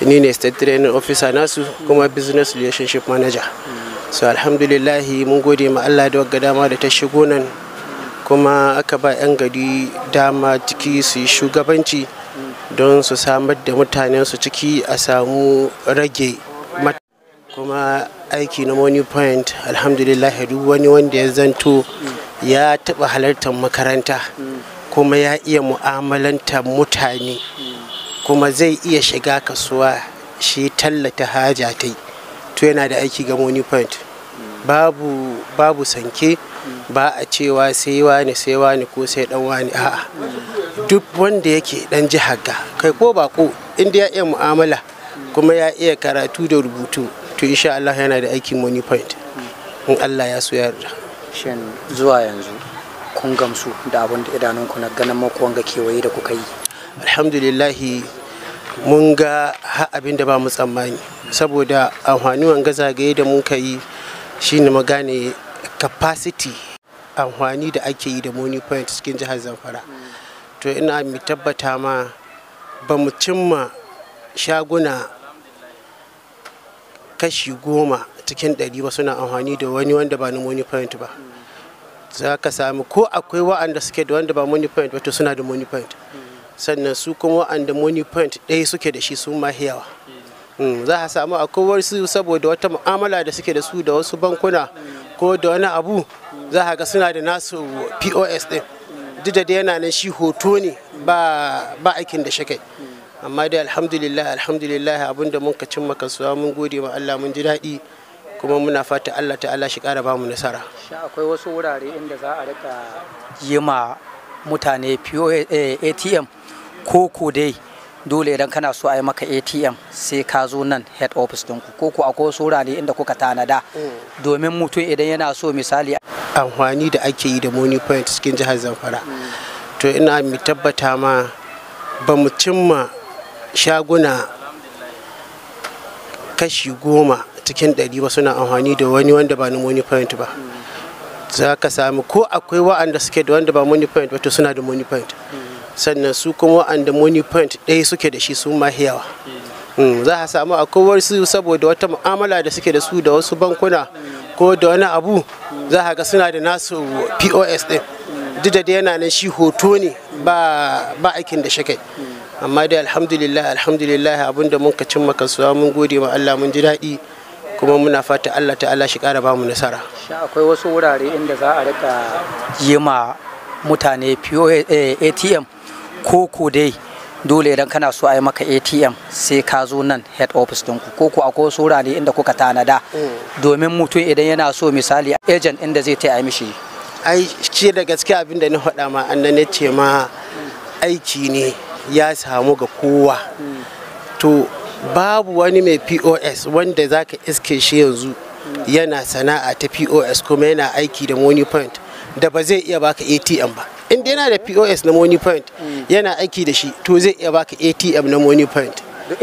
ni ne state training officer nasu kuma business relationship manager so alhamdulillahi mun gode ma Allah da wagga dama da ta shigo nan kuma aka ba 'yan gari dama ciki su yi shugabanci don su samar da mutanen su ciki a samu rage kuma aiki na money point alhamdulillah duk wani wanda ya zanto ya taba halartar makaranta kuma ya iya mu'amalanta mutane kuma zai iya shiga kasuwa shi tallata haja ta yi. to yana da aiki ga money point babu sanke ba a cewa sai wani sai wani ko sai dan wani a'a duk wanda yake dan jihar ga kai ko ba ko inda ya iya mu'amala kuma ya iya karatu da rubutu to insha Allah yana da aiki money point in Allah ya so yarda shin zuwa yanzu kun gamsu da abin da idanunku na ganin makon ga kewaye da kuka yi alhamdulillahi mun ga abin da ba mu tsammani saboda amfani wanga zagaye da muka yi shine mu gane capacity amfani da ake yi da money point cikin jihar zamfara to ina mu tabbata ma ba mu cimma shaguna kashi goma cikin ɗari ba suna amfani da wani wanda ba na money point ba za ka sami ko akwai wa'anda suke da wanda ba money point ba to suna da money point sannan su kuma wa'anda money point ɗaya suke da shi su ma hmm, za a samu akwai su saboda wata mu'amala da suke da su da wasu bankuna ko da wani abu za a ga suna da nasu pos ɗin duk da yana nan shi hoto ne ba aikin da shakai amma dai alhamdulillah alhamdulillah abinda mun ka cimma kasuwa mun gode ma Allah mun ji daɗi kuma muna fata Allah ta Allah shi ƙara ba mu nasara akwai wasu wurare inda za a rika yi ma mutane atm eh, koko dai dole idan kana so a yi maka atm sai ka zo nan head office ɗinku ko ku akwai wurare inda kuka tanada mm. domin mutum idan yana so misali amfani da ake yi da money point cikin jihar zamfara mm. to ina mi tabbata ma ba mu cimma shaguna kashi goma cikin ɗari ba suna amfani da wani wanda ba na money point ba mm. za ka sami ko akwai wa'anda suke da wanda ba money point ba to suna da money point sannan su kuma wa'anda money point ɗaya suke da shi su mahiyawa hmm, za a samu kowar su saboda wata mu'amala da suke da su da wasu bankuna ko da wani abu za a ga suna da nasu pos ɗin duk da yana nan shi hoto ne ba aikin da kai. amma dai alhamdulillah alhamdulillah abinda mun ka cimma kasuwa mun gode ma Allah mun ji daɗi kuma muna fata Allah ta'ala shi ƙara ba mu nasara akwai wasu wurare inda za a rika yi ma mutane eh, atm koko dai dole idan kana so a yi maka atm sai ka zo nan head office ɗinku ko ku akwai wasu wurare inda kuka tanada mm. domin mutum idan yana so misali agent inda zai taya mishi ai ce da gaske abin da na faɗa ma annan nan ce ma aiki ne ya samu ga kowa mm. to babu wani mai pos wanda zaka iske shi yanzu mm. yana sana'a ta pos kuma yana aiki da money point da ba zai iya baka atm ba inda yana da pos na money point mm. yana aiki da shi to zai iya baka atm na money point duk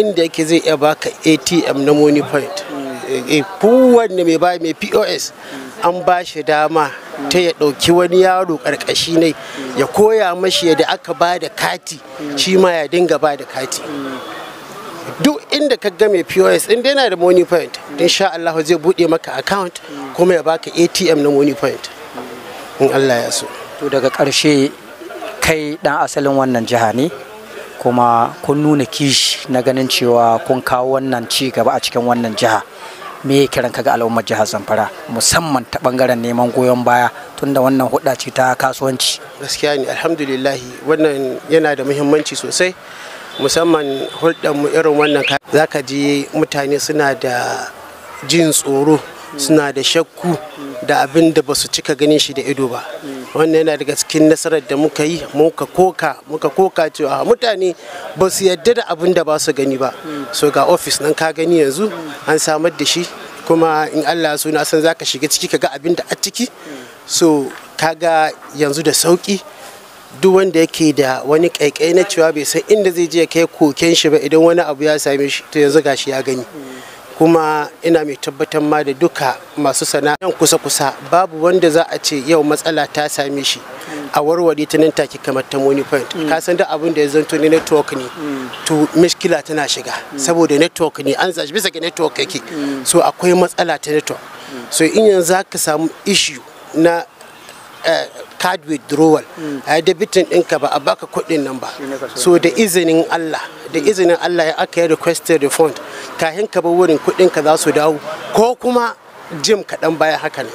inda yake zai iya baka atm na money point hmm. eh, eh, kowanne mai bayan mai pos hmm. an ba shi dama hmm. ta ya ɗauki wani yaro ƙarƙashi ne ya koya mashi yadda aka ba da kati shi ma ya dinga ba da kati duk inda ka ga mai pos inda yana da money point don sha Allah zai buɗe maka account kuma ya baka atm na money point in Allah ya so to daga karshe. kai dan asalin wannan jiha ne kuma kun nuna kishi na ganin cewa kun kawo wannan ci gaba a cikin wannan jiha me ya kiran ka ga al'ummar jihar zamfara musamman ta bangaren neman goyon baya tunda wannan hudda ta kasuwanci gaskiya ne alhamdulillahi wannan yana da muhimmanci sosai musamman hulɗar mu irin wannan za ka ji mutane suna da jin tsoro suna da shakku da abin da ba su cika ganin shi da ido ba wannan yana daga cikin nasarar da muka yi muka koka muka koka cewa mutane ba su yadda da abin da ba su gani ba so ga ofis nan ka gani yanzu an samar da shi kuma in allah suna na san ka shiga ciki ka ga abin da a ciki so ka ga yanzu da sauki duk wanda yake da wani kaikai na cewa bai san inda zai je ya kai koken shi ba idan wani abu ya same shi to yanzu gashi ya gani kuma ina mai tabbatar ma da duka masu sana'a kusa-kusa babu wanda za a ce yau matsala ta same shi a warware ta nan take kamar ta money point mm. ka san da abin da ya zanto ne network ne to mishkila tana shiga mm. saboda network ne an zaci bisa ga network yake mm. so akwai matsala ta network so in yanzu ka samu issue na eh, card withdrawal a debitin ɗinka ba a baka kuɗin nan ba so da izinin Allah da izinin Allah ya aka yi requested refund kahin ka bar wurin kuɗin ka za su dawo ko kuma jim kaɗan baya haka ne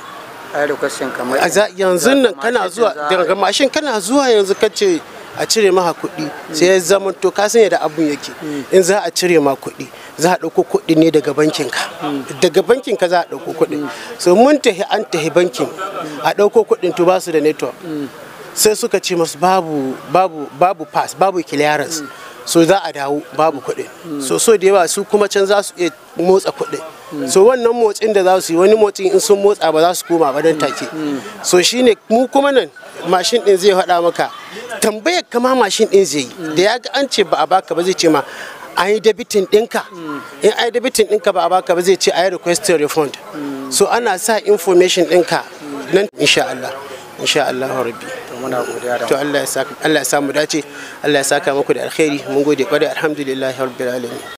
yanzu nan kana zuwa daga mashin kana zuwa yanzu kace a cire maka kuɗi sai ya zama to ka sanya da abun yake hmm. in za a cire ma kuɗi za a ɗauko kuɗi ne daga bankin hmm. daga bankin za a ɗauko kuɗi hmm. so mun tahi an tahi bankin a ɗauko kuɗin to ba su da network sai suka ce masu babu babu babu pass babu clearance so za a dawo babu kuɗi so so da yawa su kuma can za su iya motsa kuɗi so wannan motsin da za su yi wani motsin in sun motsa ba za su koma ba don take so shine mu kuma nan mashin ɗin zai faɗa maka tambayar kama mashin ɗin zai yi da ya ga an ce ba a baka ba zai ce ma an yi debitin ɗinka in an yi debitin ɗinka ba a baka ba zai ce a yi request refund so ana sa information ɗinka nan insha Allah muna godiya da to Allah ya sa Allah ya samu dace Allah ya saka muku da alkhairi mun gode kwarai alhamdulillahi rabbil alamin